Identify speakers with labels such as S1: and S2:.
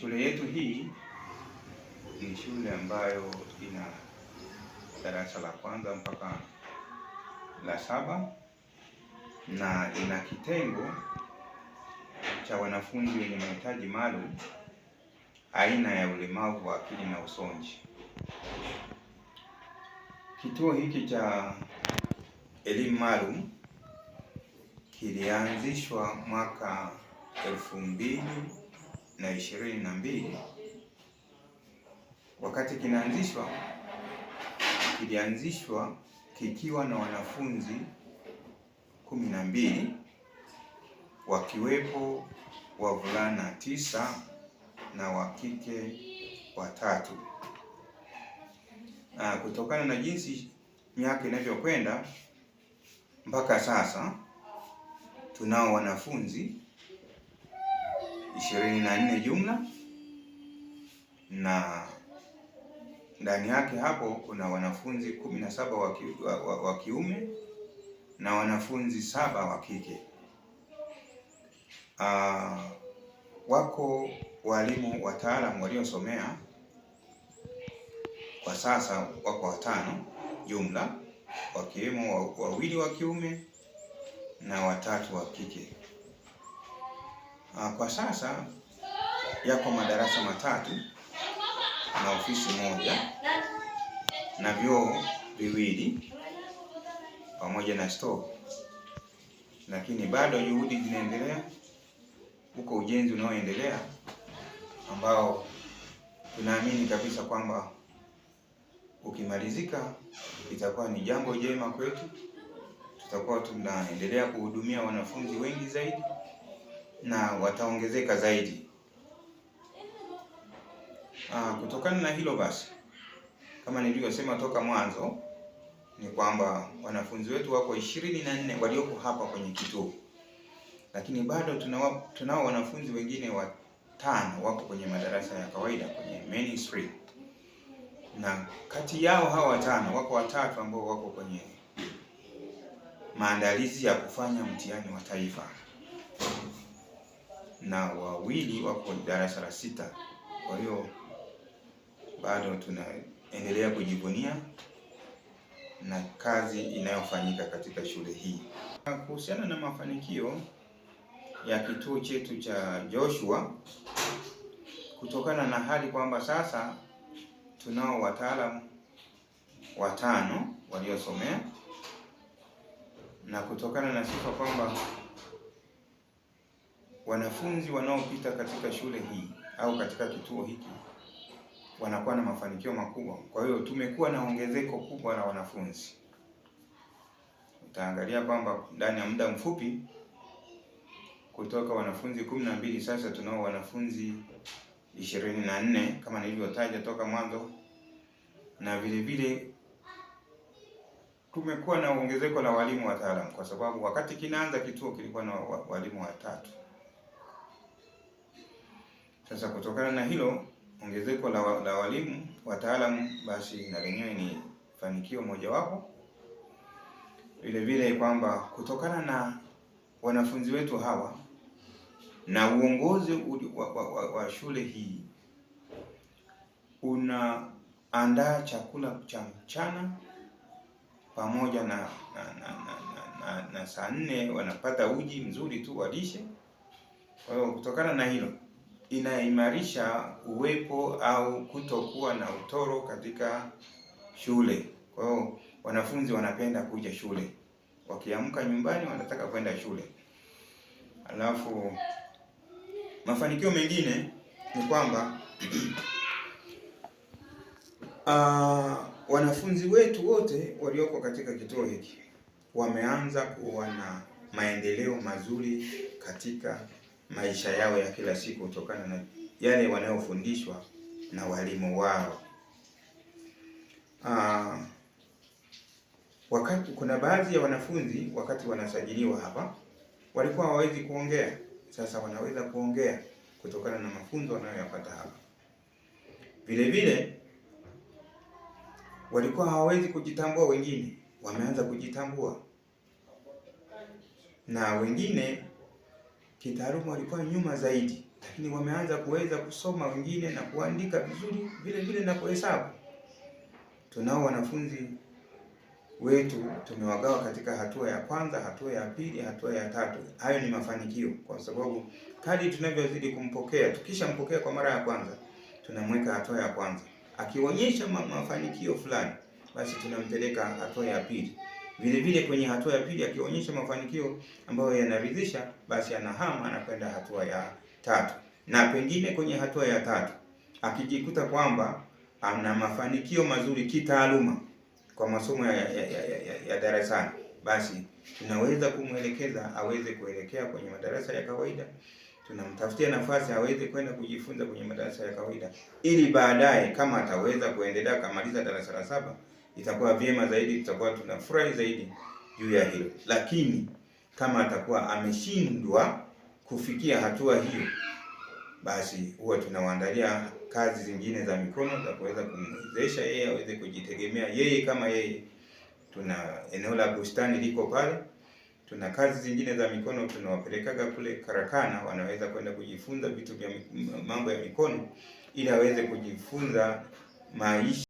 S1: Shule yetu hii ni shule ambayo ina darasa la kwanza mpaka la saba na ina kitengo cha wanafunzi wenye mahitaji maalum aina ya ulemavu wa akili na usonji. Kituo hiki cha elimu maalum kilianzishwa mwaka elfu mbili na ishirini na mbili wakati kinaanzishwa kilianzishwa kikiwa na wanafunzi kumi na mbili wakiwepo wavulana tisa na wa kike watatu. Na kutokana na jinsi miaka inavyokwenda mpaka sasa tunao wanafunzi ishirini na nne jumla na ndani yake hapo kuna wanafunzi kumi na saba wa, wa, wa, kiume na wanafunzi saba wa kike. Uh, wako walimu wataalamu waliosomea kwa sasa, wako watano jumla, wakiwemo wawili wa kiume na watatu wa kike. Ah, kwa sasa yako madarasa matatu na ofisi moja na vyoo viwili pamoja na store, lakini bado juhudi zinaendelea huko, ujenzi unaoendelea ambao tunaamini kabisa kwamba ukimalizika itakuwa ni jambo jema kwetu, tutakuwa tunaendelea kuhudumia wanafunzi wengi zaidi na wataongezeka zaidi. Aa, ah, kutokana na hilo basi, kama nilivyosema toka mwanzo ni kwamba wanafunzi wetu wako ishirini na nne walioko hapa kwenye kituo, lakini bado tunao tunao wanafunzi wengine watano wako kwenye madarasa ya kawaida kwenye street, na kati yao hawa watano wako watatu ambao wako kwenye maandalizi ya kufanya mtihani wa taifa na wawili wako darasa la sita. Kwa hiyo bado tunaendelea kujivunia na kazi inayofanyika katika shule hii. Kuhusiana na mafanikio ya kituo chetu cha Joshua, kutokana na hali kwamba sasa tunao wataalamu watano waliosomea na kutokana na sifa kwamba wanafunzi wanaopita katika shule hii au katika kituo hiki wanakuwa na mafanikio makubwa. Kwa hiyo tumekuwa na ongezeko kubwa la wanafunzi. Utaangalia kwamba ndani ya muda mfupi kutoka wanafunzi kumi na mbili sasa tunao wanafunzi ishirini na nne kama nilivyotaja toka mwanzo, na vile vile tumekuwa na ongezeko la walimu wataalamu, kwa sababu wakati kinaanza kituo kilikuwa na walimu watatu. Sasa kutokana na hilo ongezeko la, la walimu wataalamu, basi na lenyewe ni fanikio mojawapo. Vile vile kwamba kutokana na wanafunzi wetu hawa na uongozi wa, wa, wa, wa shule hii unaandaa chakula cha mchana pamoja na, na, na, na, na, na, na saa nne wanapata uji mzuri tu walishe. Kwa hiyo kutokana na hilo inaimarisha uwepo au kutokuwa na utoro katika shule. Kwa hiyo wanafunzi wanapenda kuja shule, wakiamka nyumbani wanataka kwenda shule. Alafu mafanikio mengine ni kwamba uh, wanafunzi wetu wote walioko katika kituo hiki wameanza kuwa na maendeleo mazuri katika maisha yao ya kila siku kutokana na yale wanayofundishwa na walimu wao. Aa, ah, wakati kuna baadhi ya wanafunzi wakati wanasajiliwa hapa walikuwa hawawezi kuongea, sasa wanaweza kuongea kutokana na mafunzo wanayoyapata hapa. Vile vile walikuwa hawawezi kujitambua, wengine wameanza kujitambua na wengine kitaaluma walikuwa nyuma zaidi, lakini wameanza kuweza kusoma wengine na kuandika vizuri vile vile na kuhesabu. Tunao wanafunzi wetu tumewagawa katika hatua ya kwanza, hatua ya pili, hatua ya tatu. Hayo ni mafanikio, kwa sababu kadri tunavyozidi kumpokea, tukishampokea kwa mara ya kwanza, tunamweka hatua ya kwanza. Akionyesha mafanikio fulani, basi tunampeleka hatua ya pili. Vile vile kwenye hatua ya pili akionyesha mafanikio ambayo yanaridhisha, basi anahama anakwenda hatua ya tatu, na pengine kwenye hatua ya tatu akijikuta kwamba ana mafanikio mazuri kitaaluma kwa masomo ya, ya, ya, ya, ya darasani, basi tunaweza kumwelekeza aweze kuelekea kwenye madarasa ya kawaida, tunamtafutia nafasi aweze kwenda kujifunza kwenye madarasa ya kawaida, ili baadaye kama ataweza kuendelea kamaliza darasa la saba itakuwa vyema zaidi, tutakuwa tunafurahi zaidi juu ya hilo. Lakini kama atakuwa ameshindwa kufikia hatua hiyo, basi huwa tunawaandalia kazi zingine za mikono za kuweza kumwezesha yeye aweze kujitegemea yeye kama yeye. Tuna eneo la bustani liko pale, tuna kazi zingine za mikono tunawapelekaga kule karakana, wanaweza kwenda kujifunza vitu vya mambo ya mikono ili aweze kujifunza maisha